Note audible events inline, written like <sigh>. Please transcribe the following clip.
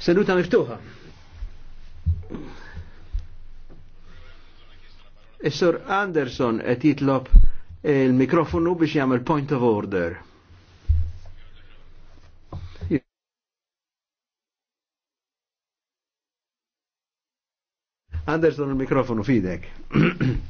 Seduta miftuħa. Is-Sur Anderson qed jitlob il-mikrofonu biex jagħmel point of order. Anderson il-mikrofonu fidek. <clears throat>